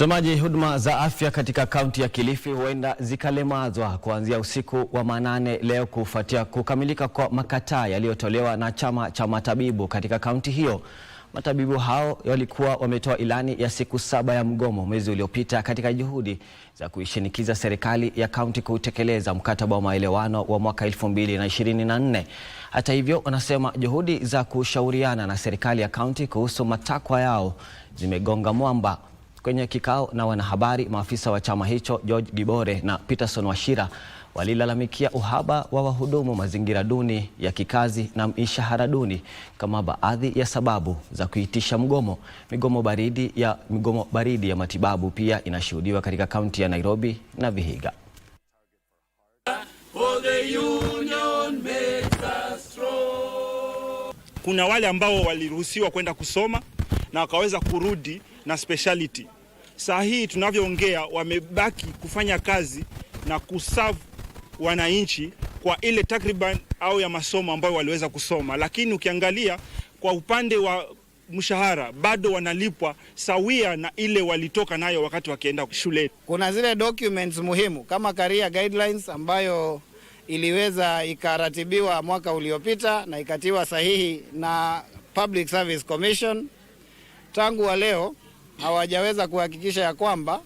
Mtazamaji, huduma za afya katika kaunti ya Kilifi huenda zikalemazwa kuanzia usiku wa manane leo kufuatia kukamilika kwa makataa yaliyotolewa na chama cha matabibu katika kaunti hiyo. Matabibu hao walikuwa wametoa ilani ya siku saba ya mgomo mwezi uliopita katika juhudi za kuishinikiza serikali ya kaunti kutekeleza mkataba wa maelewano wa mwaka 2024. Hata hivyo, wanasema juhudi za kushauriana na serikali ya kaunti kuhusu matakwa yao zimegonga mwamba. Kwenye kikao na wanahabari, maafisa wa chama hicho George Gibore na Peterson washira walilalamikia uhaba wa wahudumu, mazingira duni ya kikazi na mishahara duni kama baadhi ya sababu za kuitisha mgomo. Migomo baridi ya, migomo baridi ya matibabu pia inashuhudiwa katika kaunti ya Nairobi na Vihiga. Kuna wale ambao waliruhusiwa kwenda kusoma na wakaweza kurudi na speciality. Saa hii tunavyoongea, wamebaki kufanya kazi na kusavu wananchi kwa ile takriban au ya masomo ambayo waliweza kusoma, lakini ukiangalia kwa upande wa mshahara bado wanalipwa sawia na ile walitoka nayo wakati wakienda shule. Kuna zile documents muhimu kama career guidelines ambayo iliweza ikaratibiwa mwaka uliopita na ikatiwa sahihi na Public Service Commission tangu wa leo hawajaweza kuhakikisha ya kwamba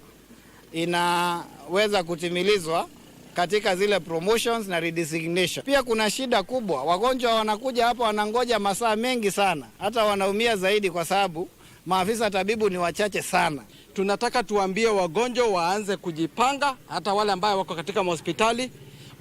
inaweza kutimilizwa katika zile promotions na redesignation. Pia kuna shida kubwa, wagonjwa wanakuja hapa wanangoja masaa mengi sana, hata wanaumia zaidi kwa sababu maafisa tabibu ni wachache sana. Tunataka tuambie wagonjwa waanze kujipanga, hata wale ambao wako katika mahospitali.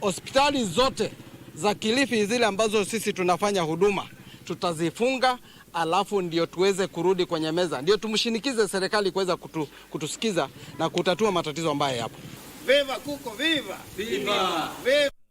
Hospitali zote za Kilifi zile ambazo sisi tunafanya huduma tutazifunga alafu ndio tuweze kurudi kwenye meza, ndio tumshinikize serikali kuweza kutu, kutusikiza na kutatua matatizo ambayo yapo. Viva viva, viva viva, viva.